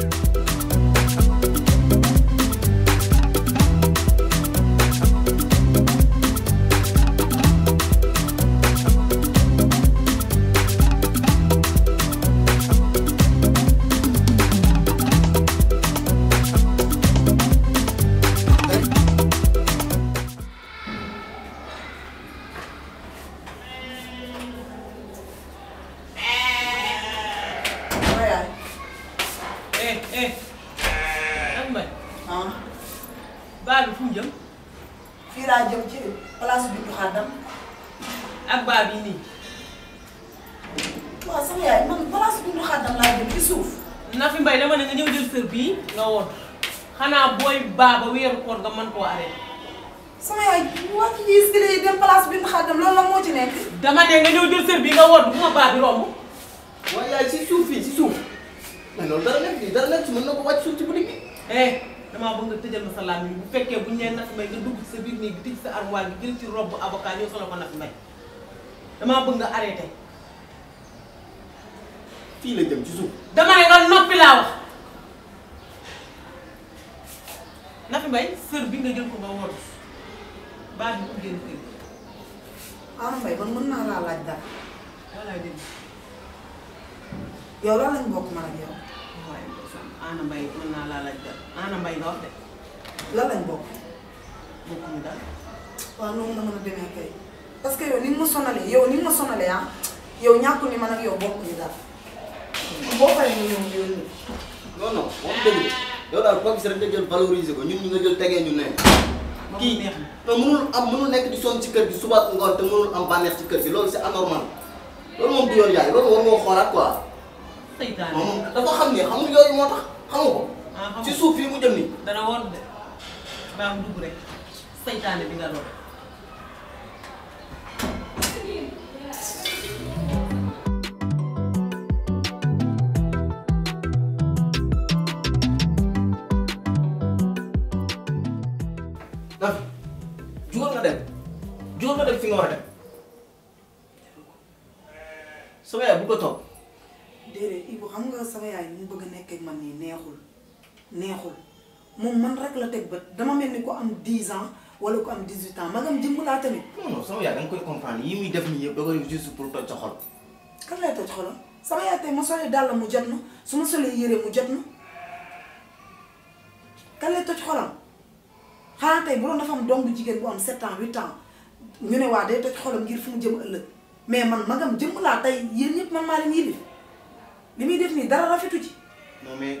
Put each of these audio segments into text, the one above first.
you. maanaam mbay nga wax de. lan lañ bokk. bokkuñu daal. waaw noonu la mën a demee kay parce que yow ni nga ma sonalee yow ni nga ma sonalee ah yow ñàkkul ni man ak yow bokkuñu daal boo paree ñu ñëw ñu yónni. non non wax dëgg yow daal koo gis rek nga jël valoriser ko ñun ñu nga jël tegee ñu neen. kii non mënul am mënul nekk di sonn ci kër gi suba ngoon te mënul am bànneex ci kër gi loolu c'est anormal loolu moom du yoon yaay loolu war nga ko xoolaat quoi. moom dafa xam ne xamul yooyu moo Ah, ci suuf yi mu jëm nii. dana woon de baa mu dugg rek saytaane bi nga doon. daf nga dem jugal nga dem fi nga war a dem sama yaay bu ko toog. déedéet Ibou xam nga sama mu bëgg a man nii neexul. neexul mom man rek la teg bët dama ko 10 ans wala ko am 18 ans magam laa tamit. non non sama da koy comprendre yi def nii yëpp da juste pour toj kan lay toj sama tey ma mu jot su ma solee yére mu kan am 7 ans 8 ans ñu ne day toj ngir fu mu jëm ëllëg mais man magam jëmb laa tey yéen ñëpp man maa leen li muy def non mais.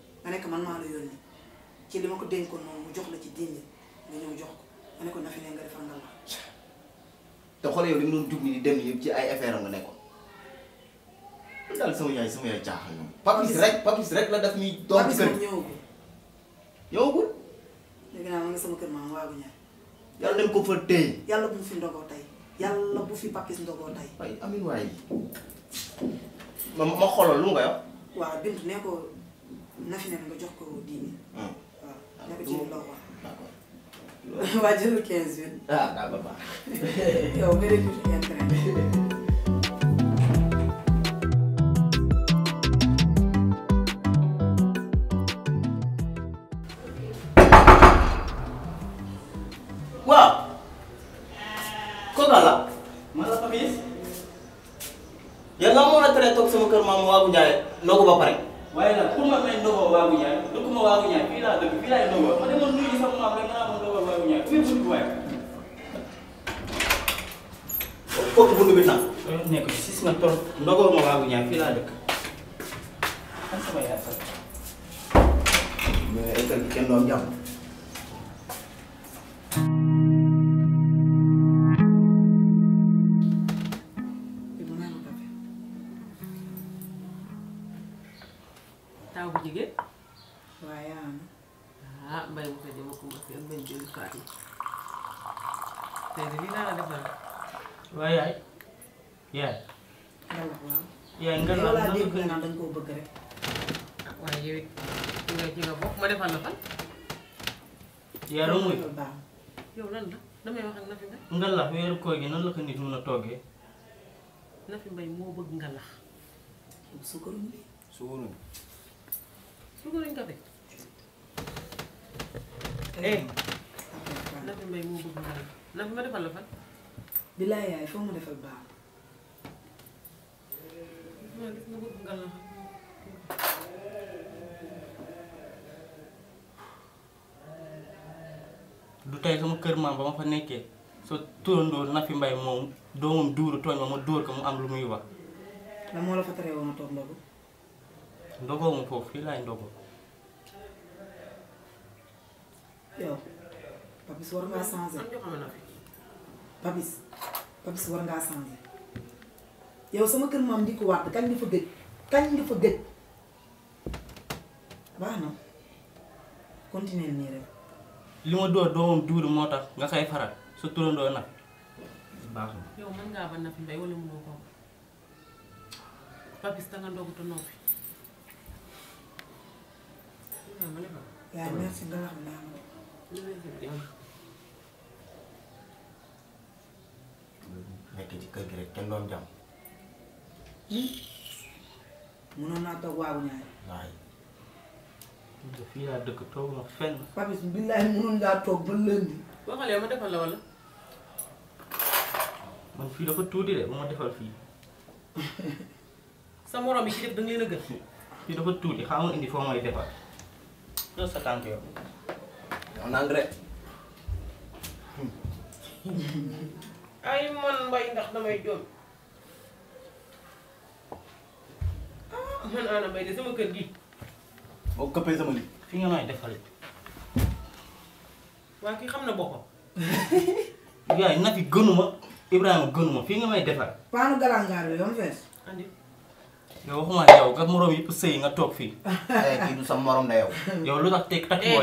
nga nekk man maa la yónni ci li ma ko dénkoon moom mu jox la ci diine nga ñëw jox ko nga ne ko fi ne nga defal nga la. te xoolal yow li nga doon jug nii di yëpp ci ay affaire am nga nekkoon. man daal sama yaay sama yaay papis rek la daf muy. doom kër papis moom ñëwagul. sama kër maam waagu ñaar. yàlla dañ ko fa téye. yàlla bu mu fi ndogoo tey yàlla bu fi papis ndogoo tey. waaye amin waay ma ma lu mu koy wax. waaw Bintu ne não fi não nga jox ko diine. não não ko ci loo não d'accord waa jëlu não não ah daa ba baax. não nga não intérêt. Njaay não ko ba isso. foofu bunt bi nag. loolu nekk si si ma trop ndogoo ma waagu ñaar fii laa dëkk. xam sama yaay sax. mais école kenn doon jàmm. suukaruñ bi suukaruñ suukaruñ café eh, eh. Nafi Mbaye moo bëgg Nafi ma defal la fan bilaay yaay foo ma defal sama kër maam nekkee sa turandoo Nafi Mbaye moom doomam duuru tooñ ma ma dóor ko mu am lu muy wax la moo la fa tere woon toog ndogoo mu foofu fii laay ndogoo yow Papis war ngaa changer Papis Papis war ngaa changer yow sama kër maam di ko waat kañ nga fa gëj kañ nga fa gëj baax na continuer nii li ma door doomam duuru moo tax nga koy faral sa turandoo nag ba gis danga ndogu te noppi. waaw merci nga wax naa ma. nekk ci kër fii laa la wala. tuuti de ba ma defal fii. sa morom bi ci def da nga leen a gën. fii dafa tuuti xam nga indi foo may defar. loolu sa tànk yow. on engrais. ay man mbay ndax damay joom ah man ana mbay de sama kër gi boo këppee sama li fi nga may defal waa kii xam na boppam. yaay na fi gënuma Ibrahima gënuma fii nga may defal. paanu galangaar bi ba mu fees. andi. yow waxuma yow nga moroom yëpp sëy nga toog fii. kii du sa morom la yow. yow lu tax teg takk woo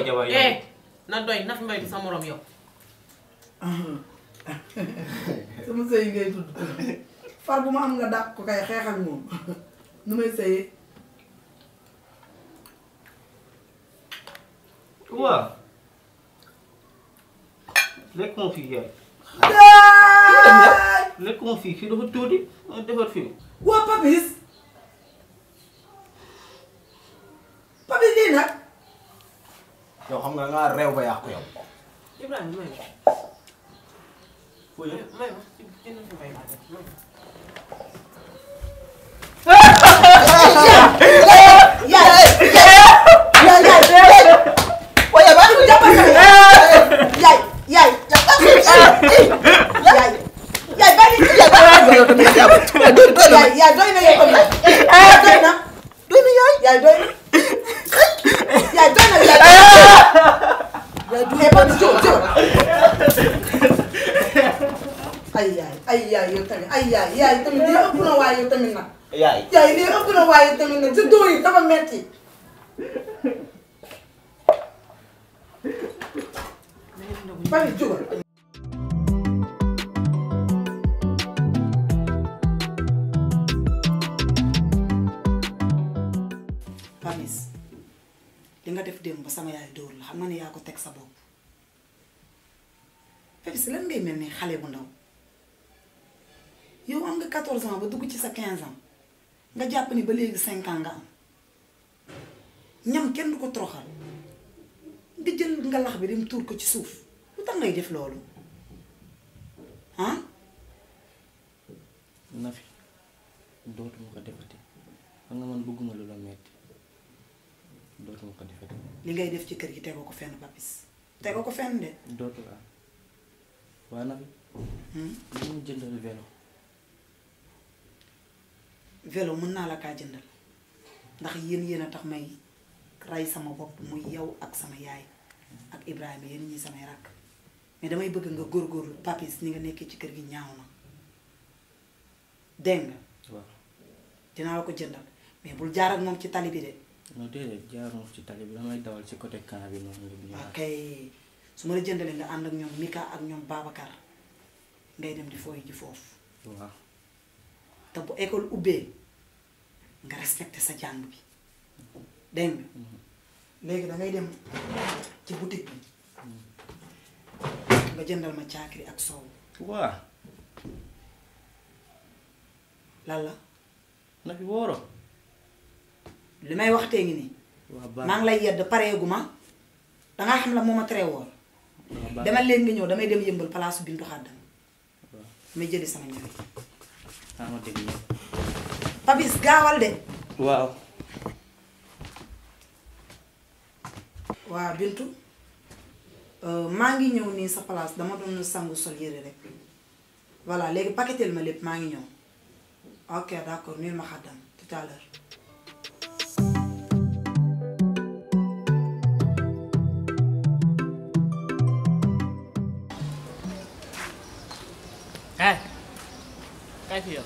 far bu ma am nga dàq ko kay xeexal moom nu may sëyee. waaw. lekk moo fi yaay. lekk moo fi fii dafa tuuti defar fii. waa Papis. Pabidin ha? Yo, xam nga nga rew ba yàqu yow. Ibrahima may ma. Fuy. May ma, jënd fi may ma. Yeah, doy na yaay doy na. Doy na yaay. Yaay doy na. yaay doy na yaay yaay du xeeba du jóg jóg ay yaay ay yaay yow tamit ay yaay yaay tamit lii ëpp na waaye yow tamit nag. yaay yaay lii ëpp na waaye tamit nag sa dóor yi dafa metti. bari jógal li nga def démb ba sama yaay dóor la xam nga ni yaa ko teg sa bopp Papis lan ngay mel ni xale bu ndaw yow am nga 14 ans ba dugg ci sa 15 ans nga jàpp ni ba léegi 5 ans nga am ñam kenn du ko toroxal nga jël nga lax bi dem tuur ko ci suuf lu tax ngay def loolu ah. Nafi dootuma ko defati xam nga man bëgguma lu la metti dootuma ko defati. li ngay def ci kër gi tegoo ko fenn papis tegoo ko fenn de. dootul am waa Nafi. Hmm? li mu jëndal vélo. vélo mën naa la kaa jëndal ndax yéen yéen a tax may rey sama bopp muy yow ak sama yaay ak Ibrahima yéen ñi samay rakk mais damay bëgg nga góor góorgóorlu papis ni nga nekkee ci kër gi ñaaw na dégg nga. waaw dinaa la ko jëndal mais bul jaar ak moom ci tali bi de. non déedéet jaaroo ci tali bi damay dawal ci côté camp bi noonu la. waaw kay su ma la jëndalee nga ànd ak ñoom Mika ak ñoom Babacar ngay dem di fooy ji foofu. te bu école ubbee nga respecté sa jàng bi dégg nga. léegi da dem ci butik bi nga jëndal ma caakiri ak soow. waaw. lan la. na fi wóoro. li may wax tee ngi nii. maa ngi lay yedd pareeguma ma dangaa xam la moo ma tere woon. demal leen nga ñëw damay dem yëmbal palaasu Bintu Xaddam. waaw ah, euh, ngi ñëw nii sa palaas dama doon sangu sol yére rek voilà léegi paquetel ma lépp maa ngi ñëw ok d'accord nuyul ma xaddam tout here.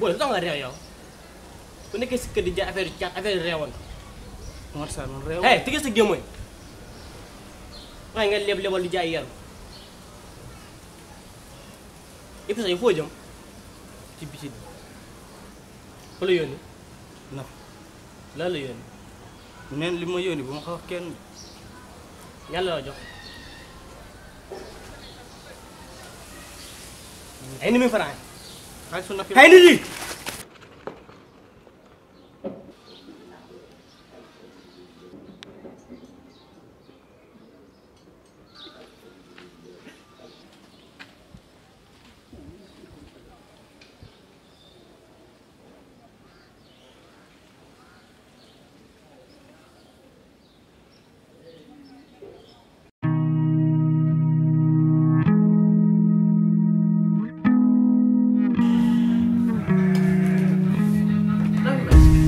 boole tax nga réew yow bu nekkee si di jaay affaire caat affaire réewoon. Omar Sarr man réewoon hey tëjee sa gémmoñ waaye nga leb lebal di jaay yaru épisode yi foo jëm ci biti bi. fa la na lan la yónni. neen li ma yónni bu ma ko wax kenn. ñan la la jox. Enemy पर आए सुनना जी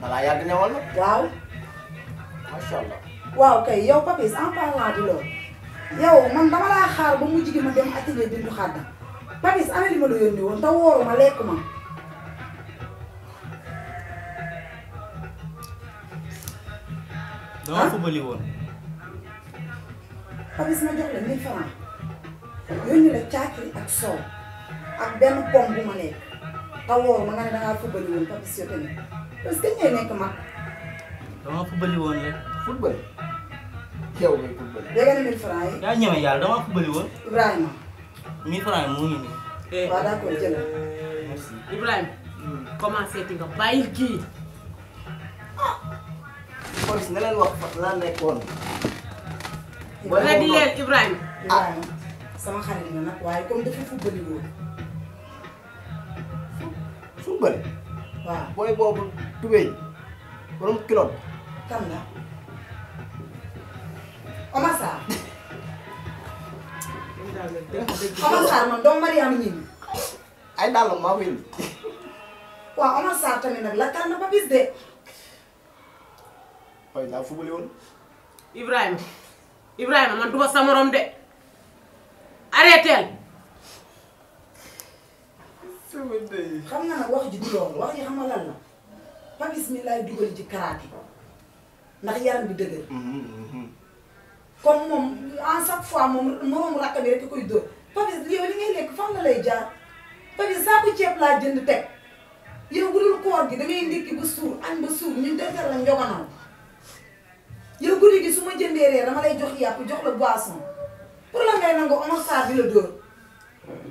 Malaya gën a wal nag. allah. waaw kay yow Papis en parlant de loolu. yow man dama laa xaar ba mujj gi ma dem atelier bindu xadda Papis ana li ma la yónni woon te wóoru ma lekk ma. dama ah? fubali woon. Papis ma jox la 1000 francs la ak ak pom bu ma ma nga fubali est ce que ñooy nekk mag. dama fubali woon rek. football. yow ngay football. dégg nga mille francs yaa ñeme yàlla woon. Ibrahima. mille francs yi moo ngi nii. Eh, waaw d'accord jëlal. merci hmm. ah. police nga leen wax lan nekkoon. di leen Ibrahima. Ah. Ah. sama xarit nga nag waaye comme dafa fubali woon. boy bobu tuwe borom kilon tam na oma sa oma sa ma dom mari am ñi ay dal ma win wa oma sa tam nak la tan ba bis de pay da fu bele won ibrahim ibrahim man duma sa morom de arrêtez sama ndey xam nga nag wax ji du loolu wax ji xam nga lan la Papis mi laay dugal ci karaté ndax yaram bi dëgër. comme mm-hmm, mm-hmm. moom en chaque fois moom moroom rakk bi rek koy dóor Papis yow li ngay lekk fan la lay jaar Papis saako ceeb laa jënd teg yow bu dul koor gi da ngay ndékki ba suur añ ba suur ñun defar la njogonaw yow guddi gi dama lay jox jox la boisson pour la ngay di la dóor.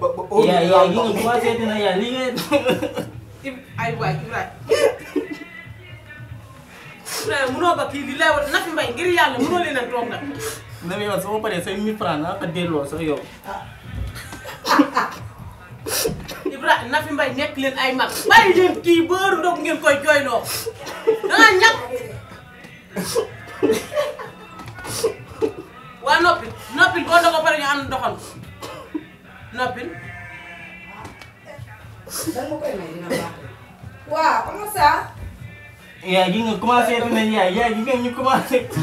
ba ba oo. yaa yaa li nga commencé dina yaa li nga. ay waay Ibrahima. Ibrahima munoo ba kii di lay wala Nafi Mbaye ngir yàlla munoo leen a toog nag. na ma yow sama pare say 1000 francs naa ko delloo sax yow. Ibrahima Nafi Mbaye nekk leen ay mag bàyyi leen kii booru ndox ngeen koy jooyloo da ngaa ñàkk. waa noppi noppi boo dogo pare ñu am doxal. Napin? Dan mo kayo Wah, kamusta? Ya, ging kumasa ito na niya. Ya, ging ang kumasa ito. I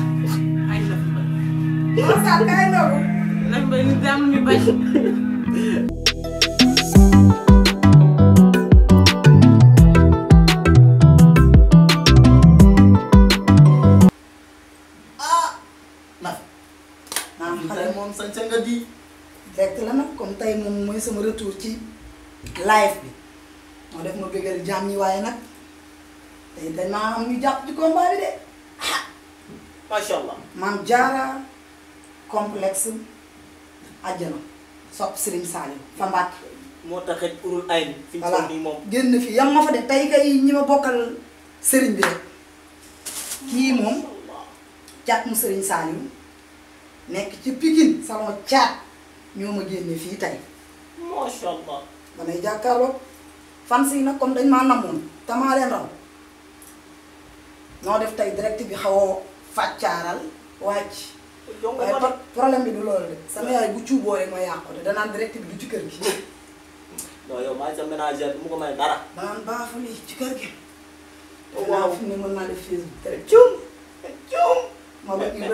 love you. Kamusta ka ano? Lamban ni Nah, kalau mau sanjang gadi. direct la nag comme tey moom mooy sama retour ci live bi moo def ma bëggal jàmm ñi waaye nag tey dañ maa am ñu jàpp ci combat bi de ah. maam jaara complexe àjjana sopp Serigne Saliou fa Mbàkke. moo tax it urul fi ñu génn fi yam ma fa de tey kay ñi ma bokkal Serigne bi rek kii moom. caat mu Serigne Saliou nekk ci Pikine salon caat. ñoo ma génne fii tey. macha allah. damay jàkkaarloo fans yi nag comme dañ maa namoon te maa leen noo def tey direct bi xaw a fàccaaral wàcc. waaye problème bi du loolu de sama yaay bu cuuboo rek ma yàqu te danaan direct bi du ci kër gi. non yow maa ngi ci kër gi. Oh, waaw fi mu ne mën def Facebook. te cuum te cuum.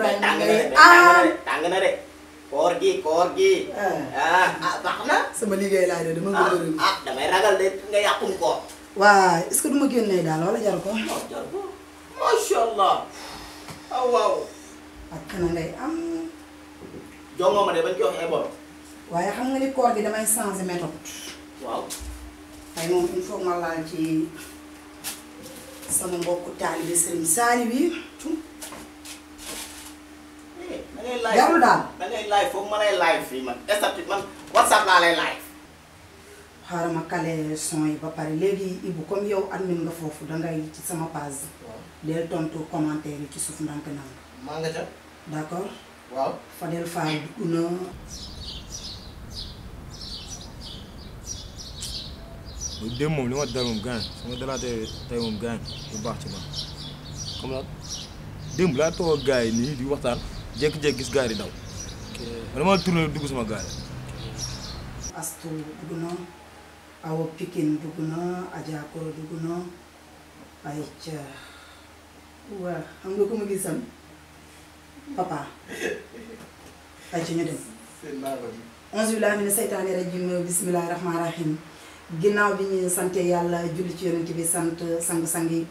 moom koor gi koor gi. Eh. ah ah baax na. sama liggéey laa doon dama gën ah, ah damay ragal de nga yàqum koor. waaw est-ce que du ma génnee wala jar ko. waaw allah. waaw ah, waaw. ak kana am. jongoo ma de bañ jox ebola. waaye xam nga ni koor gi damay changer méthode. waaw. tey moom il faut ma laal ci sama mbokku taalibe Serigne Saliou dangay live jarul daal dangay live life oh, ma lay live eh, man instant bi man whatsapp laa lay live. xaaral ma kale son eh, eh, yi para pare léegi comme yow admin nga foofu dangay ci sama page. del tontu commentaire ci suuf ndànk na maa nga ca. d'accord wow Fadel Fall dugg bu dem moom li ma dal moom gaañ su ma dalaatee tey moom gaañ bu baax ci man comme nag démb laa toog gars yi di jékki-jékki gis yi daw. man dama tourné dugg sama gaari. Astou dugg na Awa Pikine dugg na Adja Koro dugg na ay ca waaw xam nga ko ma gisam papa ay ca ñu dem. onze billahi mina seytaani rajim bismillahi rahmaani rahim ginnaaw bi ñu sante yàlla julli ci yonent bi sant sang-sang yi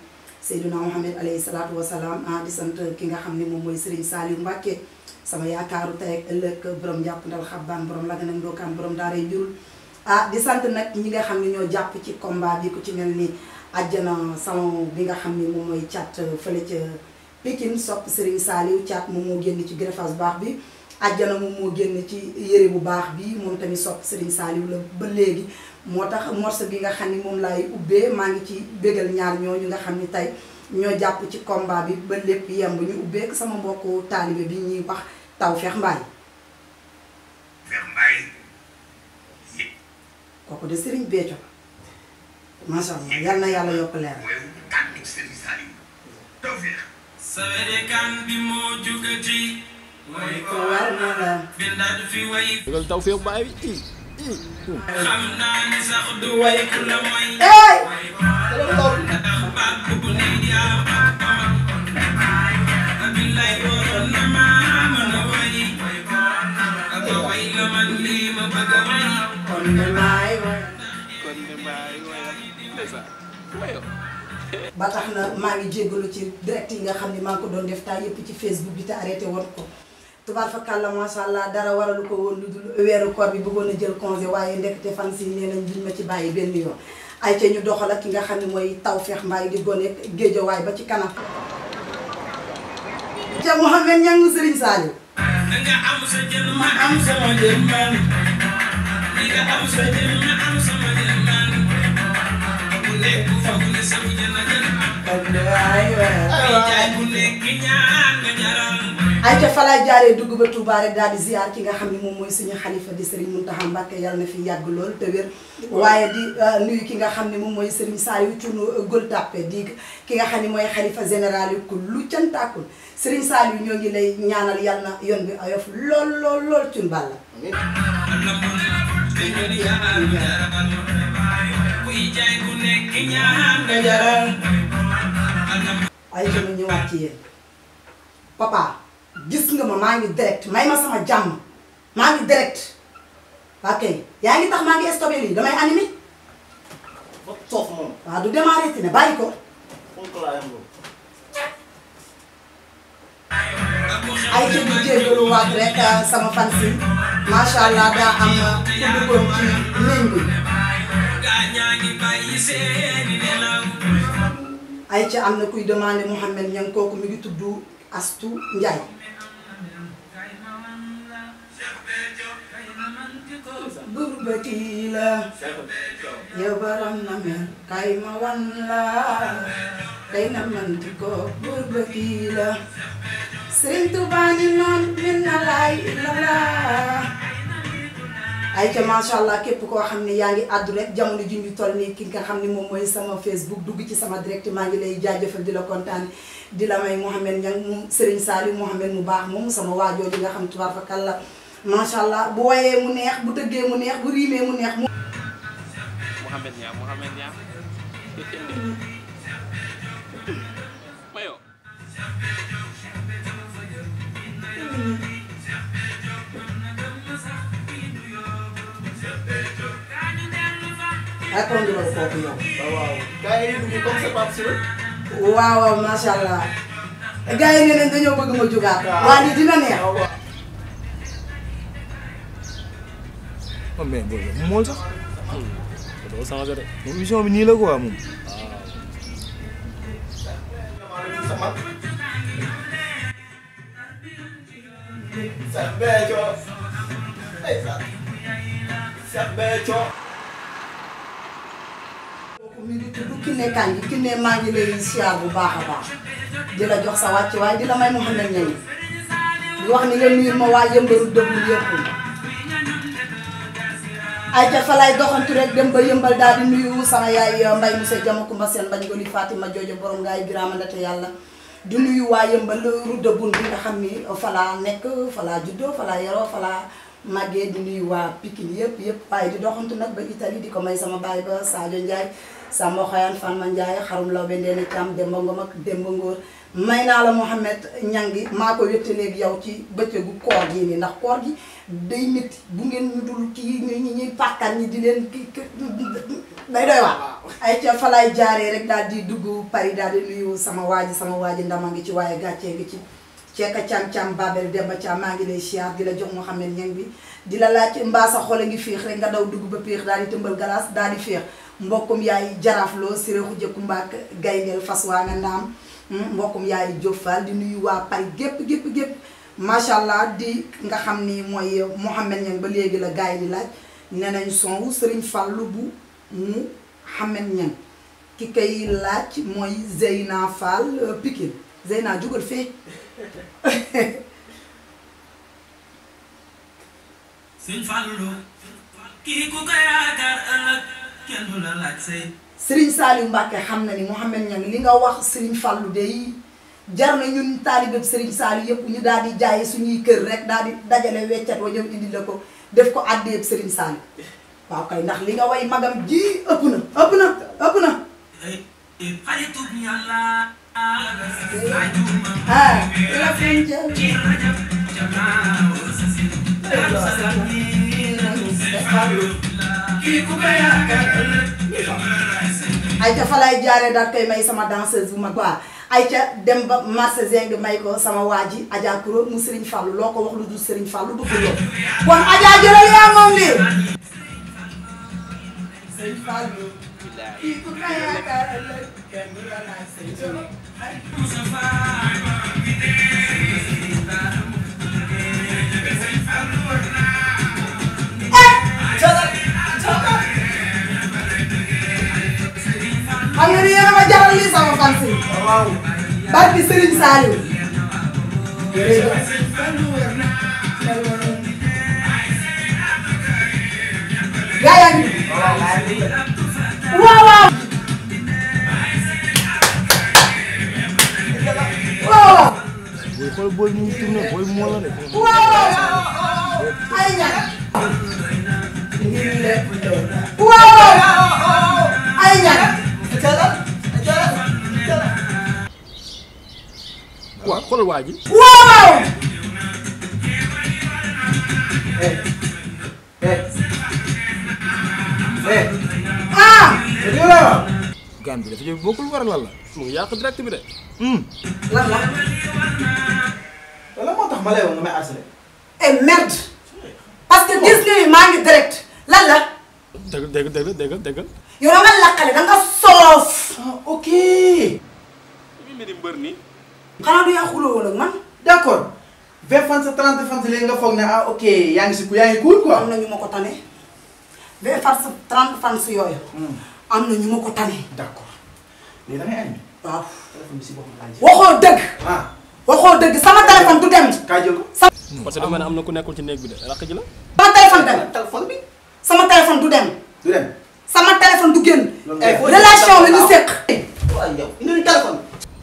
Seydina Mohamed alayhi salaatu wasalaam ah di sant ki nga xam ne moom mooy Serigne Saliou Mbacke sama yaakaaru tey ak ëllëg borom jàpp ndal xabbaan borom laga nag ndookaan borom daaree njurul ah di sant nag ñi nga xam ne ñoo jàpp ci combat bi ku ci mel ni ajjana salon bi nga xam ne moom mooy cat fële ca Pikine sopp Serigne Saliou cat mu moo génn ci greffage baax bi àjjana moom moo génn ci yére bu baax bi moom tamit sopp Serigne Saliou la ba léegi moo tax morceau bi nga xam ni moom laay ubbee maa ngi ci bégal ñaar ñoo ñooñu nga xam ni tey ñoo jàpp ci combat bi ba lépp yemb ñu ubbee sama mbokk taalibe bi ñuy wax taw Mbaye. Tawfekh Mbaye. kooku de Serigne Béthio yal na yàlla yokk leer. Tawfekh. mooy ko a ba tax na maa ngi jéggalu ci direct yi nga xam ne maa ngi ko def taa yëpp ci Facebook bi te arrêté woon ko tubaar fa kàlla macha allah dara waralu ko woon lu dul weeru koor bi bëggoon a jël congé waaye ndekete fan si nee nañ duñ ma ci bàyyi benn yoon ay ca ñu doxal ak ki nga xam ne mooy Tawfekh Mbaye di gone géejawaay ba ci kanam ca Mouhamed Niang Serigne Saliou na nga am sa jël ma am sa ma jël man bu nekk fa bu ne sama jël jël am waay waay jaay nga jaral ay ca fa laay jaaree dugg ba Touba daal di ziar ki nga xam ni moom mooy suñu xalifa di Serigne Mountakha Mbacké yàlla na fi yàgg lool te waaye di euh, nuyu ki nga xam ne moom mooy Serigne Saliou Thioune euh, Gueule Tapée di ki nga xam ne mooy xalifa général yu ku lu cantaakul Serigne Saliou ñoo na yoon bi ayof lool lool lool Thioune Balla ci yéen papa gis nga ma maa ngi direct may ma sama jam maa ngi direct ok yaa ngi tax maa ngi stoppé lii damay animé. ba soof moom. waaw du démarré ti ne bàyyi ko. ay jëf yu jégalu waat rek ah, sama fan si macha allah daa am ah, ku duggoon ci néeg bi. ay ca am na kuy demandé Mouhamed ñan kooku mi ngi tudd Astou Ndiaye. gurba kii la yow na mer kay ma wan la kay na manti ko gurba la Sëriñ Tuubaa ni noon min na laay ay ca macha allah képp koo xam ne yaa ngi àddu rek jamono ji ñu toll nii ki nga xam ne moom mooy sama Facebook dugg ci sama direct maa ngi lay jaajëfal di la kontaan di la may Mouhamed Niang moom Serigne Saliou Mouhamed mu baax moom sama waajoo ji nga xam tubaab fakal la Masyaallah, boye mu neex bu tëggee mu neex bu riimee mu neex mu. Mouhamed Niang Mouhamed Niang. Mayo. répondre loolu waaw gars yi dugg comme sa sur. waaw allah. bëgg non mais booy mu mool sax. doo changé de. moom émission bi nii la quoi moom. nekkaan gi ki ne maa ngi lay siyaar bu baax a baax di la jox sa wàcc waaye di la may ma mën a ñëw di wax ni nga nuyu ma waa yëmbaru dëggu yëpp ay ca fa lay doxantu rek dem ba yëmbal daal di nuyu sama yaay mbay monsieur Diama Kumba Sène bañ ko li Fatima Joojo borom ngaay Birama Ndate yàlla di nuyu waa yëmbal rudda bun bi nga xam ni falaa nekk falaa juddoo falaa yaroo falaa màggee di nuyu waa Pikine yëpp yëpp waaye di doxantu nag ba Italie di ko may sama baay ba Sadio Ndiaye sama xoyaan Fatma Ndiaye xarum law be ndeena càmm Demba Ngom ak Demba Ngóor may naa la Mouhamed Ñangi maa ko wétte léegi yow ci bëccëgu koor ndax koor gi day métti bu ngeen ñu dul kii ñi ñuy pàkkan ñi di leen kii day doy waar ay ca jaaree rek daal di dugg Paris daal di nuyu sama waaji sama waaji ndama ngi ci waaye gàccee ngi ci a ceeka cam-cam Babel Demba Caam maa ngi lay siyaar di la jox moo xam ne Niang bi di la laaj mbaa sa xol a ngi feex rek nga daw dugg ba péex daal di tëmbal galaas daal di féex mbokkum yaay jaraafloo siréexu jëkku mbaak gayneel fas waa nga naam hmm, mbokkum yaay Diop Fall di nuyu waa Paris gépp gépp gépp macha allah di nga xam ni mooy Mouhamed Niang ba léegi la gars yi di laaj nee nañ sonw Serigne Fallou bu mu Mouhamed Niang ki koy laaj mooy Zeyna Fall euh, Pikine Zeyna jugal fee. Serigne Fallou kii ku xam na ni Mouhamed li nga wax Serigne Fallou day. jar na ñun taalibe Serigne Saliou yëpp ñu daal di jaay suñuy kër rek daal di dajale weccat wa ñëw la ko def ko àddee Serigne Saliou waaw kay ndax li nga way magam ji ëpp na ëpp na ëpp na. ay dafa lay jaaree daal koy may sama danseuse bu mag waa Aja dem ba marché zeng may ko sama waji Adja Kuro mu Serigne fallu loko wax lu du Serigne fallu du ko yow kon Adja jëlal yaa moom li Serigne Fallou kii ku eh, ma yaakaar xoolal lii sama fan si. waaw barki Serigne Saliou. gaa yaa ngi. waaw waaw. waaw. booy xool booy mu tourné booy mu wala de. waaw. ay ñax. waaw. ay ñax. waaw xoolal waa ji. waaw. ah. gaan bi dafa jóg bokkul war lan la. mu ngi yàq direct bi de. Hmm. lan la. moo tax ma lay woon nga may harcelé. eh merde. parce que gis nga direct lan la. dëgg dëgg dëgg dëgg dëgg. yow dama laqale da nga soof. ah mbër nii. xanaa du yaa xuloo woon ak man. d' accord vingt francs ak trente francs léegi nga foog ne ah ok yaa ngi si ku yaa ngi cool quoi. am na ñu ma ko tane vingt francs ak trente francs yooyu. Hmm. am na ñu ma ko tane. d' accord léegi da ngay añ. waaw téléphone bi si boppam laa jël. waxoo dëgg. ah waxoo dëgg sama téléphone du dem. kaa jël ko. parce que dama ne am na ku nekkul ci néeg bi de rakk ji la. sama téléphone dem téléphone bi. sama téléphone du dem. du dem sama téléphone du génn. relation la ñu séq. waaw yow indi téléphone.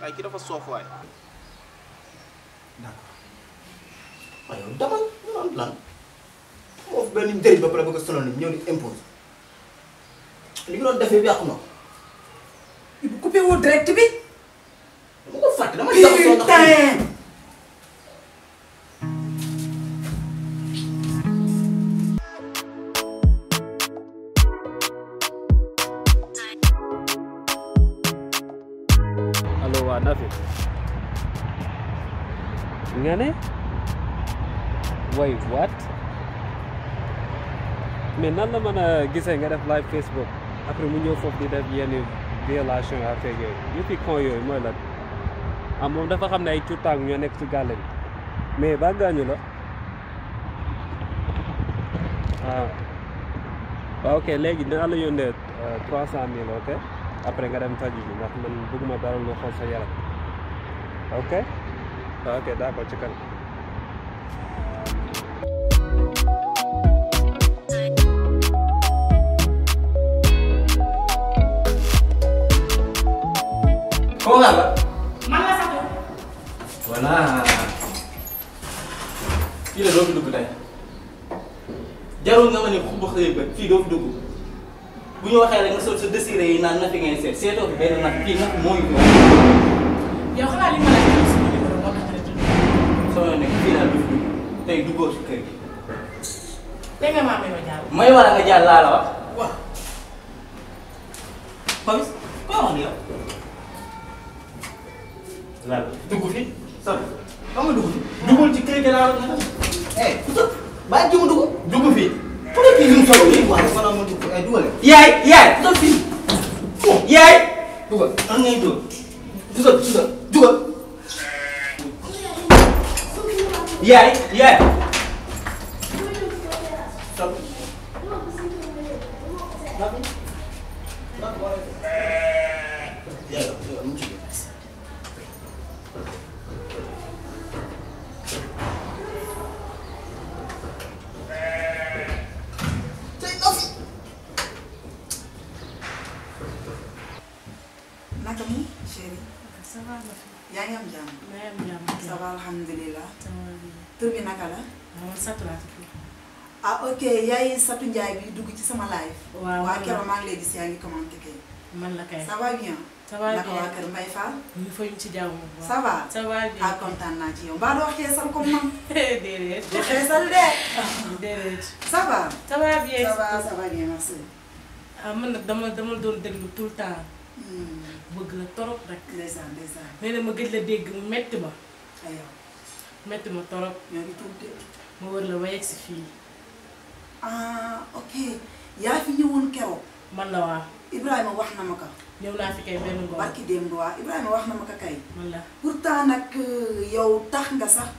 waaye ki dafa soof waay. d'accord waaye yow damal ñu am lan moo fi benn njëriñ ba pare ba ko sonal nit ñëw di impose li ñu doon defee bi yàqu na ko. bu coupé woo direct bi. dama ko fàtte dama. putain na fi nga ne way what mais nan la mën a gisee nga def live Facebook après mu ñëw foofu di def yenn violation affaire yooyu ñu fi con yooyu mooy lan am moom dafa xam ne ay tuutaag ñoo nekk ci gàlle bi mais ba gaañu la waaw waaw ok léegi dinaa la yónnee trois cent mille ok après nga dem faju bi ndax man bëgguma dara lu xool sa yaram ok oke, đã có chưa cần Kau nggak, Pak? Mangga satu. Wala. Gila, dulu dulu deh. Jauh nggak mau nyukup buat ribet, video dulu. Bunyi wakil yang ngesut sedih sih, Reina. Nanti ngeser, saya tuh beda nanti, mau ibu. yow xanaa li ma laaj tamit sama numéro moo tax nga tudd. sama nekk fii laa dugg tey duggoo si kër gi. léegi nga maa may ma jàll. may wala nga jàll laa la wax. waaw. Papis koo wax ni yow. laal fi sori. fi. duggul ci kër gi laa la nga def. eh baa jiw dugg. dugg fi. fu nekk nii solo fi. Eh, yaay. an ngay dugal. dugal dugal. jugal yaay yaay Aïssatou Ndiaye bi dugg ci sama live. waaw waaw keroog maa ngi lay gis yaa ngi commenté kay. man la kay ça va bien. ça va bien naka waa kër Mbaye Fall. ñu fa ñu ci jàmm bu baax. ça va ça va bien ah kontaan naa ci yow mbaa doo xeesal comme man. déedéet doo xeesal de. déedéet. ça va. ça va bien ça va ça va bien merci. ah man nag dama dama doon déglu tout le temps. Hmm. bëgg la torop rek. ndeysaan ndeysaan. nee na ma gëj la dégg mu métti ma. aywa métti ma torop. ñoo ngi tuuti. ma war la wayeeg si fii. ah ok yaa fi ñëwoon keroog. man na waaw. Ibrahima wax na ma ko. ñëw naa fi kay benn ngoon barki démb waa Ibrahima wax na ma ko kay. man la pourtant nag euh, yow tax nga sax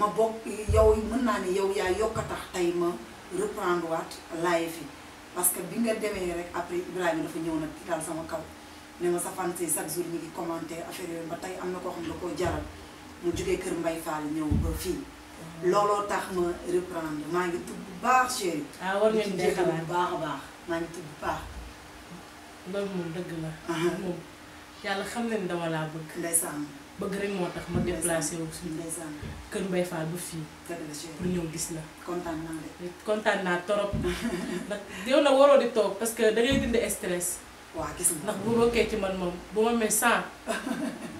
ma bokk yow mën naa ne yow yaa yokk tax tey ma reprendre waat laay fi parce que bi nga demee rek après Ibrahima dafa ñëw nag daal sama kaw ne ma sa fan si chaque jour ñu ngi commenter affaire yooyu ba tey am na koo xam ne koo jaral mu jógee kër Mbaye Fall ñëw ba fii. looloo tax ma reprendre maa ngi tudd bu baax chéri. ah war ngeen dee xalaat a baax loolu moom dëgg la. moom yàlla xam ne dama laa bëgg. bëgg rek moo tax ma déplacé wu kër Mbaye Fall ba fii. dëgg ñëw gis la. kontaan naa de. ndax yow na waroo di toog parce que da ngay dindi stress. ndax bu bokkee ci man moom bu ma mee 100.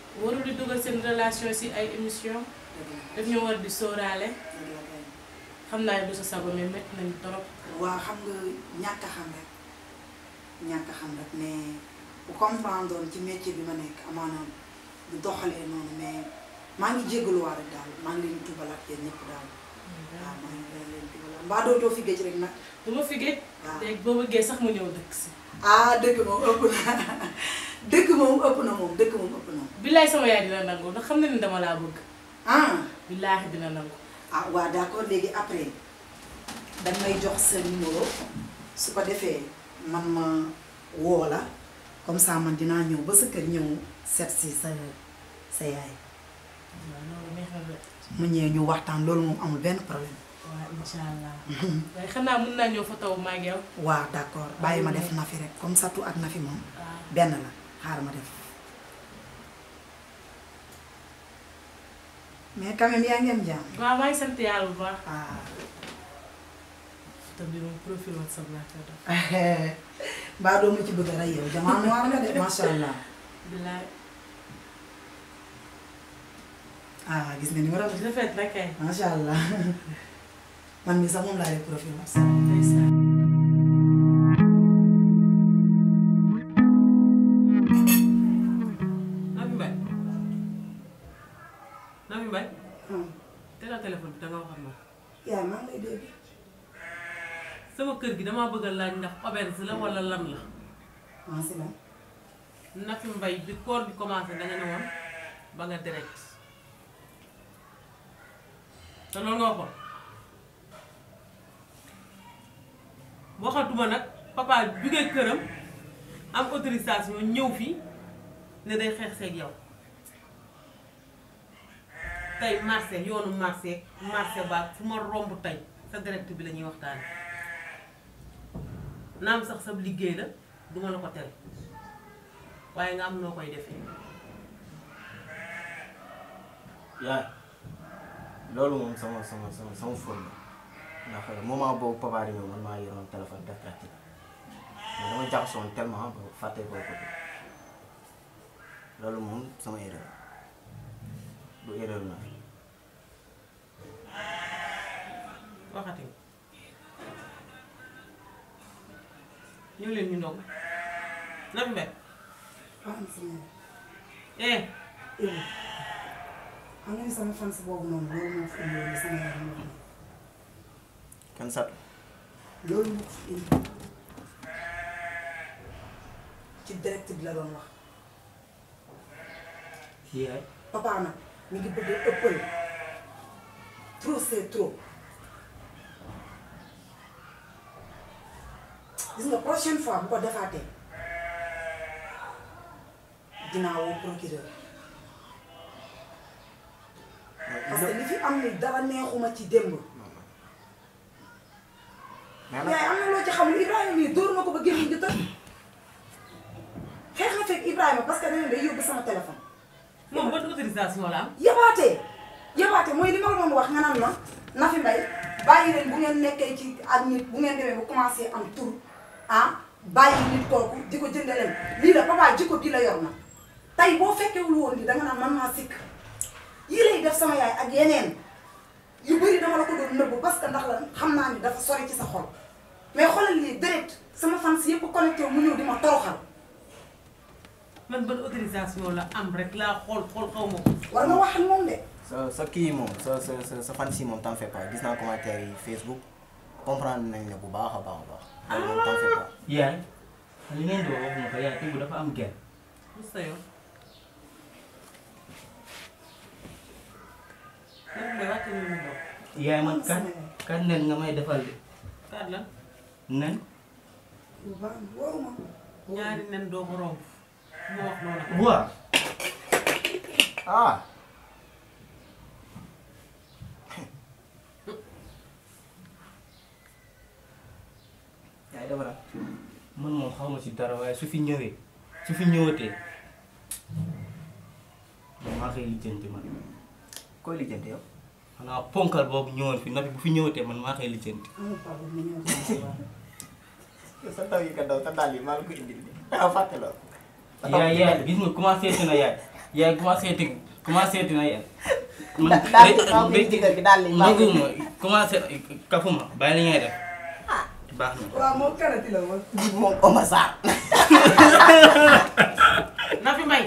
waru di dugal seen relation si ay émission daf ñu war di sóoraale xam naa du sa sago mais métti nañu torop waaw xam nga ñàkk xam rek ñàkk a xam rek mais bu comprendre ci métier bi ma doxalee noonu mais maa ngi jégaluwaat rek daal maa ngi leen tubalaat yéen ñëpp daal waaw maa ngi leen rek nag du ma fi géej léegi bëggee sax mu ñëw dëkk si ah dëkk moom ëpp na dëgg moom ëpp na moom dëkk moom ëpp na moom. billaay sama yaay dina nangu ndax xam na ni dama laa bëgg. ah. billaahi dina nangu. ah waa d' accord léegi après dañ may jox sa numéro su ko defee man ma woo la comme ça man dinaa ñëw ba sa kër ñëw set si sa sa yaay. mu ñëwee ñu waxtaan loolu moom amul benn problème. waaw incha allah. Mhm. waaye xanaa mën naa ñëw fa taw maa ngi yow. waaw d' bàyyi ma def Nafi rek comme Satou ak Nafi moom. benn la. xaar ma def mais quand même yaa ngi am jàmm. waaw maa bu baax. profil WhatsApp ma ci bëgg allah. bilaay. ah gis nga numéro allah man mi profil WhatsApp. danga wax ak moom. yaay dégg. sama kër gi damaa bëgg a laaj ndax auberge la wala lan la. maa si lan. Nafi bi koor bi commencé danga ne woon ba nga direct te loolu nga waxoon waxatuma nag papa jugee këram am autorisation ñëw fii ne day xeex seeg yow. tay marché yoonu marché marché masse fuma romb sa direct bi la waxtaan sax sa liggéey la duma la ko tel waaye nga am noo koy defee yaay loolu sama sama sama sama fóon la ndax moment boobu papa man maa yoroon téléphone def dama jaxasoon tellement ba C'est koo ko sama erreur waxati ñëw leen ñu ndog na fi mbay ee am na sama eh. eh. fan si boobu noonu loolu moo fi indi sama yaram moo xam kan sat loolu moo fi ci direct bi la doon wax yaay papa mi ngi bëgg ëppal trop c'est trop gis nga prochaine ko defaatee dinaa woo procureur parce que li fi am ni dara neexuma ci démb. mais nag am na loo ci xam Ibrahima mii dóor ma ko ba génn gi tëj xeex na parce que dañu day yóbbu sama téléphone. moom ban autorisation jëwaate mooy li ma la doon wax nga naan ma Nafi Mbaye bàyyi leen bu ngeen nekkee ci ak nit bu ngeen demee bu commencé am tur ah bàyyi nit kooku di ko jënd leen lii la papa jikko di la yor na tey boo fekkewul woon di danga naan man maa sikk yii lay def sama yaay ak yeneen yu bëri dama la ko doon nëbbu parce que ndax la xam naa ni dafa sori ci sa xol mais xoolal lii direct sama fans yëpp connecté mu ñëw di ma toroxal man ban autorisation la am rek laa xool xool xaw ma ko war nga waxal moom de sa sa kii moom sa sa sa sa fan si moom pas gis naa commentaire yi Facebook comprendre nañ la bu baax a baax a baax. pas. Ah. yaay li ngeen doon waxuma ko dafa am gel. yaay man kan kan nen nga may defal de. kan la. nen. ñaari nen doo ko romb. moo wax noonu. ah. yaay defaraat man moom xaw ma dara waaye su fi ñëwee su fi ñëwatee man maa koy lijjanti man. koy lijjanti yow. fi nabi bu fi ñëwatee man maa koy lijjanti. sa taw yi ka daw sa daal na yaay yaay commencé te commencé te na yaay. man daal di daal di daal di baax na. waaw moom kanati la woon. moom Omar Sarr. may.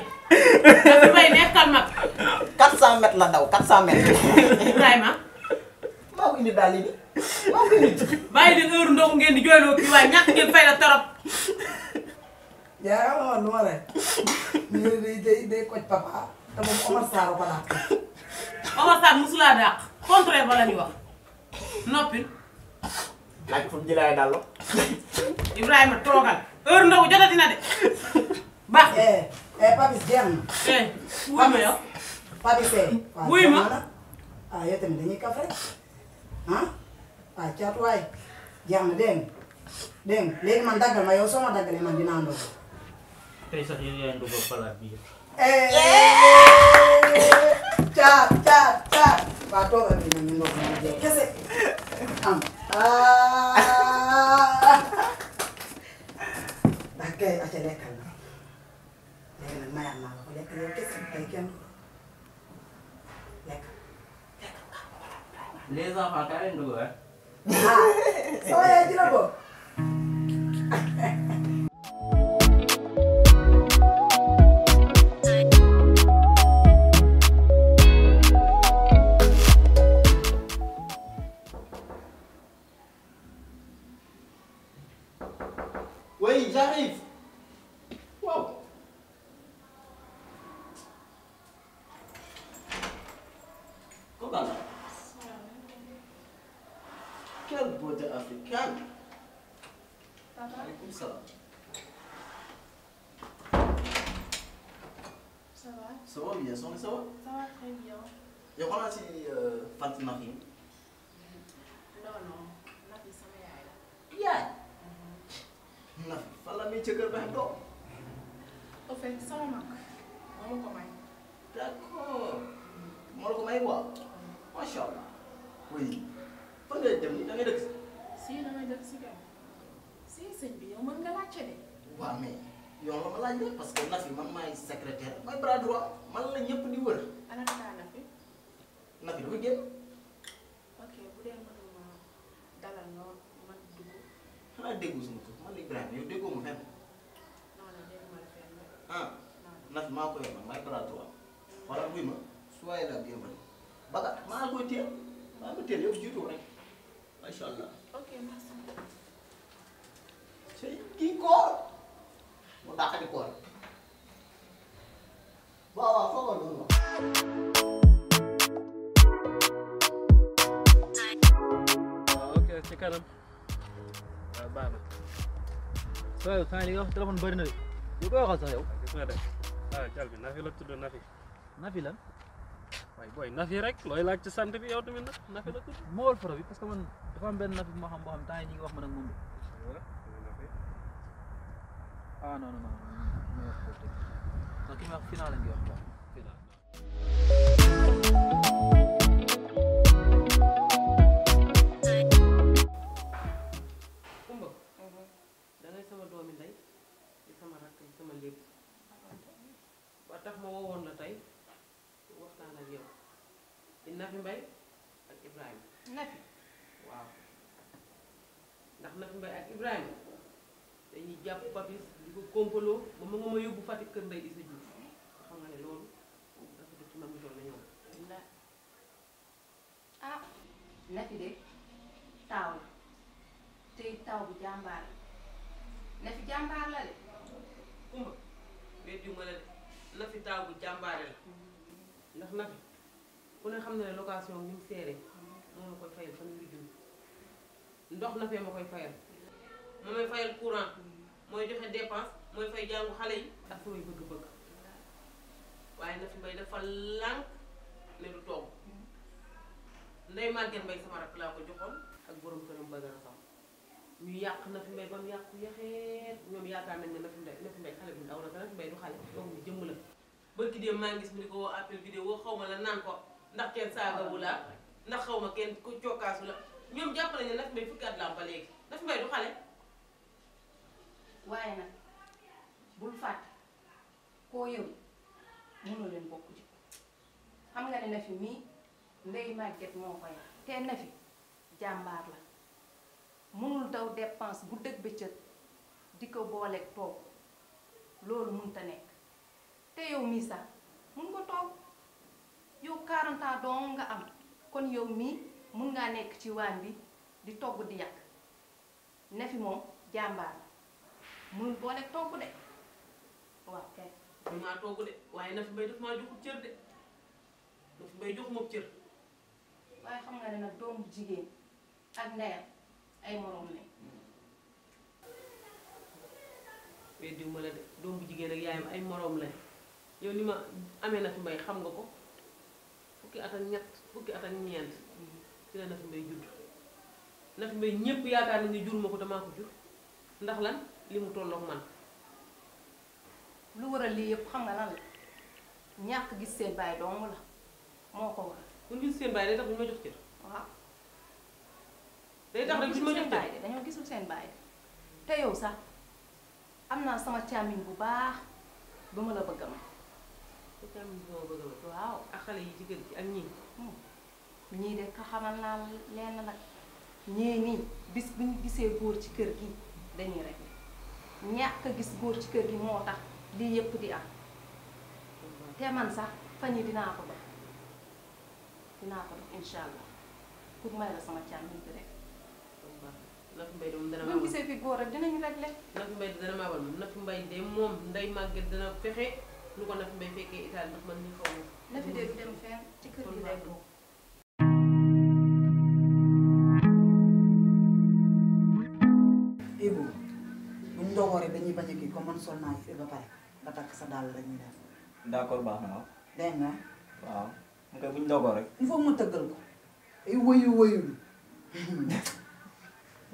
na may nekkal mag. 400 mètres la daw 400 mètres. Ibrahima. maa ngi indi daal yi nii maa ngi indi. bàyyi leen di jooyloo kii waaye ñàkk ngeen fay la torop. la ñu wax noppi. Naik kunci mu jëlaay dàll. Ibrahima toogal heure ndogu jotati na de. baax eh eh Papis jeex na. eh wuy ma yow Papis Papis eh, wuy ma ah yow tamit dañuy kaf rek ah ah caatuwaay jam na dégg nga man daggal ma yow soo ma daggalee man dinaa ndog. tey sax yéen yaay ndogal palaat bi yëpp. Eh, eh, chat. caat caat. waa toogal kese am. Dagay aja lekan. Lekan maya ma ko lekan yo kesi lekan. Lekan. Leza pakai dulu ya. Ah, soalnya jadi apa? Oui, j'arrive. Wow. Comment oh Quelle beauté africaine. Papa. Allez, ça va. Ça va Ça va bien, ça va Ça va très bien. Et voilà, c'est euh, Fatima Jaga baax doom. au sama mag Mau ko may. d' accord moo la ko may allah. oui fan ngay dem nii si. si damay kan? si kaw si sëñ bi yow mën nga laajte de. waaw mais yow ma laaj de parce que Nafi man maay secrétaire may bras droit man la ñëpp di maa koy man maay plateau am wala buy ma su waayee la bienvenue Bakar maa koy téye maa koy téye yow jiitu rek macha allah. ok merci. sëñ kii koor mu dàqati koor waaw waaw foogoo loolu wax. Ah, ci kanam waaw ah, baax na soo yow li nga wax téléphone bëri na de yow koy waxal sax yow ah, gis nga de ah jal bi Nafi la tudd Nafi. Nafi la. waaye booy Nafi rek looy laaj ci sant bi yow tamit nag Nafi la tudd. moo wol foro bi parce que man dafa am benn Nafi bu ma xam boo xam temps yii ñu ngi wax man ak moom bi. ah non non non non ki ma wax final la ñuy wax quoi final. Mhm. sama doomi ndey di sama rakk di sama lépp ba tax ma wowoon la tey waxtaan ak yow di Nafi Mbay ak Ibrahima. Nafi waaw ndax Nafi Mbay ak Ibrahima dañuy jàpp Papis di ko kompaloo ba mu nga ma yóbbu Fatick kër Ndey Issa Diouf xam ne loolu dafa def ci mag ñu toll na ñoom. ah Nafi de taaw la tey taw bu jàmbaar la Nafi jàmbaar la de. kumba na fi taaw bu jàmbaare la mm-hmm. ndax na fi ku ne xam ne ne location bi mu seeree moo ma koy fayal fan wi jun ndox na ma koy fayal moo may fayal courant mm-hmm. mooy joxe dépense mooy fay jàngu xale yi ak samay bëgg-bëgg waaye na fi mbay dafa lànk ne du togg mm-hmm. ndey màggeen mbay sama rakk laa ko joxoon ak borom këram Badara Sow ñu yàq na fi mbay ba mu yàqu yaxeet ñoom yaakaar nañ ne na fi mbay na fi mbay xale bu ndaw la te na fi mbay du xale doomu jëmm la bërki dem maa gis mu ni ko woo appel vidéo xaw ma la naan ko ndax kenn saagawu la ndax xaw ma kenn ku cokkaasu la ñoom jàpp nañ ne na fi mbay fukki at la am ba léegi na fi mbay du xale waaye nag bul fàtte koo yow mënoo leen bokk ci xam nga ne na fi mii mbay màgget moo ko yar te na fi jàmbaar la mënul daw dépense bu dëgg bëccëg di ko booleek toog loolu mënta nekk te yow mii sax mun ko toog yow 40 ans nga am kon yow mii mun ngaa nekk ci waan bi di togg di yàq ne fi moom jàmbaar mënul booleeg togg de waaw kay. maa togg de waaye na fi bay def maa joxul cër de na fi bay jox cër. waaye xam nga ne nag doomu jigéen ak ndeyam. ay moroom lañ. weddiwu ma la de doom bu jigéen ak yaayam ay moroom lañ yow ni ma amee na mbay xam nga ko fukki at ak ñett fukki at ak ñeent ci la na fi mbay judd na fi ñépp yaakaar nañ ne juruma ko damaa ko jur ndax lan li mu tolloog man lu war a lii yëpp xam nga lan la ñàkk gis seen baay dong la moo ko waral. bu gis seen baay day tax bu ma jox cër waaw day tax ma jox baay dañoo gisul seen baay te yow sax am naa sama càmmiñ bu baax ba ma la bëgg a may. sa càmmiñ bu ma bëgg a waaw ak xale yi jigéen gi ak ñii. Hmm. ñii de ko xamal naa leen nag ñii nii bis bu ñu gisee góor ci kër gi dañuy rek ñàkk a gis góor ci kër gi moo tax lii yëpp di am te man sax fan yi dinaa ko dox dinaa ko dox incha allah pour may la sama càmmiñ bi rek. Nafi Mbaye de moom dana ma. ma abal moom Nafi Mbaye de moom nday màgget dana fexe lu ko Nafi Mbaye fekkee Italie ndax man mii xaw ma. Nafi de du dem ci kër gi lay bokk. Ibu bu ñu dañuy bañ a comme man sol naa ba pare ba takk sa dàll la ñuy def. d'accord baax na waaw. dégg waaw mu koy bu ñu rek. il faut ma tëggal ko. ay woyu woyu.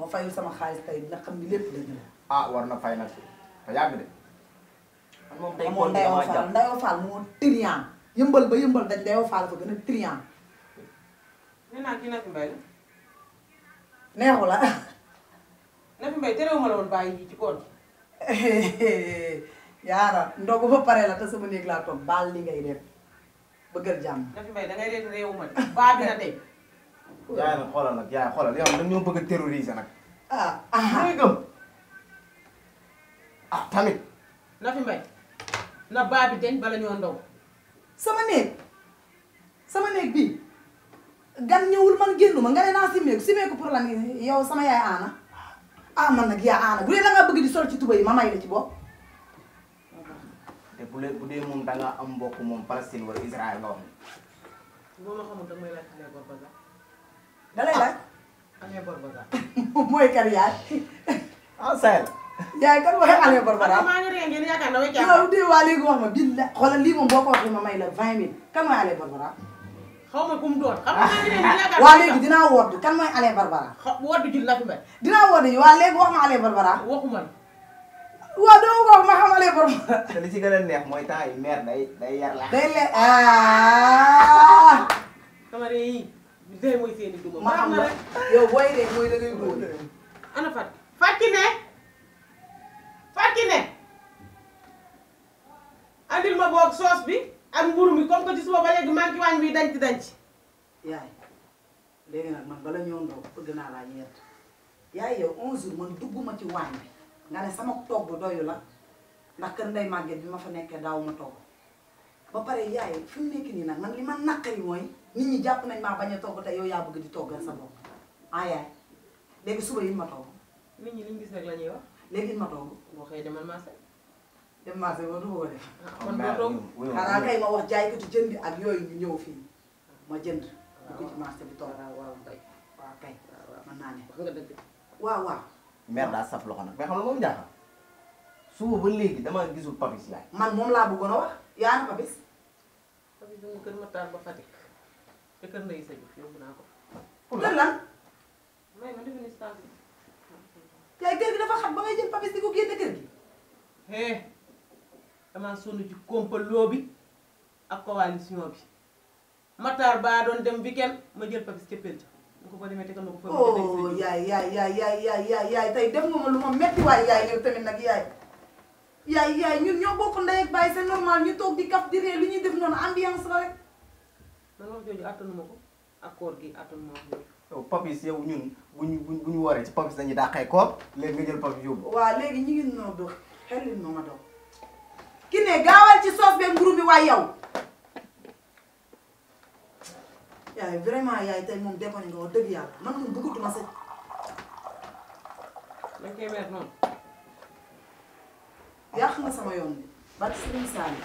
ma fayul sama xaalis tey dina xam ni lépp dëgg la. ah war na fay nag te yàgg de. man moom tey kon de ma jàpp Ndeye Fall moo triant yëmbal ba yëmbal dañ Ndeye Fall ko gën a triant. na naa kii Nafi Mbaye. neexu la. Nafi Mbaye terewuma la ci koon. yaara ndogu ba pare la te sama néeg laa baal li ngay def bëggal jàmm. Nafi ma baa yaay na xoolal nag yaay xoolal yow nag ñoo bëgg a terroriser nag. Ah, ah. Ah, na fi mbay na baa bi deñ bala ñoo ndaw. sama néeg sama néeg bii gan ñëwul man génnu ma nga ne naa simmee ko simmee ko pour lan yow sama yaay aana ah man nag yaa aana bu dee da bëgg di sol ci tuba yi ma may la ci bopp. te bu dee bu dee moom da nga am mbokk moom Palestine wala dalay laaj. amee borbara. mooy kan yaay. ah Seydou. yaay kan mooy amee borbara. ah maa ngi rëy ngeen yaakaar damay caaxaan. yow de waa léegi wax ma bii la lii moom boo ko ma may la vingt mille kan mooy amee borbara. xaw ma ku mu doon mooy amee borbara. xa woote ji la fi may. dinaa woote ji waa léegi wax ma amee borbara. waxuma la. waaw doo ko ma xamale borom. te li a neex mooy temps yi meer day day yar la. day le ah. dee mooy seen i duma. ma am la yow booy dee mooy da ngay duma. ana Fatou. Fatou ne Fatou ne andil ma boog soos bi ak mburu mi comme que ci suba ba léegi maa ngi ci waañ wi danc danc. yaay léegi nag man bala ñoo ndaw bëgg naa laa ñeent yaay yow 11 jours man dugguma ci waañ bi nga ne sama togg doyu la ndax kër ndey màgget bi ma fa nekkee daaw ma togg ba pare yaay fi mu nekk nii nag man li ma naqari mooy. nit ñi japp nañ ma baña togg tay yow ya bëgg di togg sa bokk ah yaay léegi suba yi ma togg. nit ñi liñ gis rek lañuy wax. légui ma togg. bo xey demal ma sa dem ma sa wonu wolé kon do togg xara kay ma wax jaay ko jaaykatu jënd ak yoy ñu ñëw fi ma jënd. waaw ah, dugg ci marché bi togg. Ah, waaw waaw tay wa kay. man na né wax nga dëgg. waaw waaw. mer da saf loxo nak mais xam nga moom jaaxal suba ba légui dama gisul papis lay man mom la bëggono wax yaa na papis. papis dama gën ma taal ba fatik kër ndey sa jëf yóbbu naa ma defi ni Ya iya yaay kër gi dafa xat ba ngay jël papis di ko génne kër gi. eh damaa dem weekend ma jël papis ca penc. ko ko demee tegal ko foofu. oh yaay yaay yaay yaay yaay yaay ya. tey def nga ma lu ma metti iya yaay yow tamit iya, yaay. yaay yaay ñun ñoo bokk ndey ak c'est normal ñu toog di kaf di ree lu ñuy def ambiance la rek. man wax jooju attanuma ko ak koor o attanuma wax jooju yow papis yow ñun buñu bu ñu waree ci papis dañuy o koor léegi nga jël papis yóbbu waaw léegi ñu ngi noo dox xel noo ma dox ki ne gaawal o soos beeg mburu bi o yow é vraiment yaay tey moom defoon nga wax o yàlla man moom bëggatuma o dañ koy weer noonu yàq nga sama yoon bi ba ci o Saliou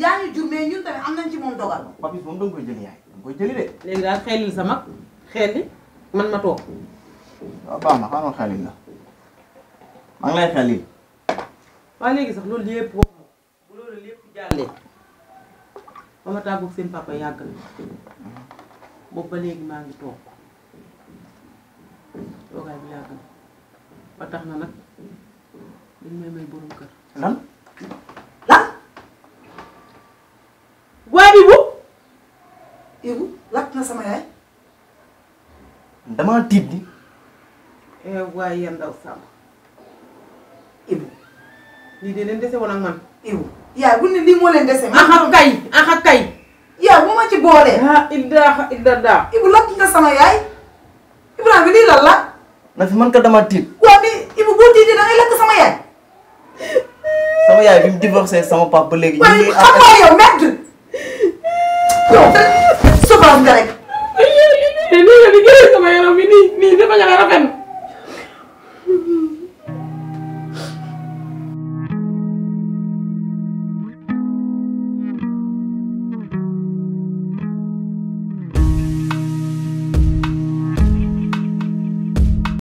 yaa ñu jur mais ñun tamit am nañ ci moom dogal. moom da koy jëli yaay da koy jëli de. léegi daal xeelil sa mag xeeli man ma toog. waaw baax na xaaral xeelil la maa léegi sax loolu lépp wax bu loolu lépp jàllee ba ma tàggoog seen papa yàgg na boobu ba léegi maa ngi toog toogaay bi yàgg na ba tax na nag dañ may may borom kër. lan. Ibu lakk na sama yaay. damaa tiit di. E, way ya ndaw sama Ibu. ni de len dese won ak man. Ibu ya bu ne mo moo leen dese. axa kay axa kay. Ya bu ma ci boolee. ah Idda Idda da Ibu lakk nga sama yaay. ibu lii ngi la. na fi man ka dama tiit. wa bi Ibu bu tiitee da ngay lak sama yaay. sama yaay bi mu sama papa légui léegi. ñu ngi yow merde sekarang. Iya, iya, ini. Iya. Ini yang dikirim sama Arab ini. Nih, dia banyak Arab kan?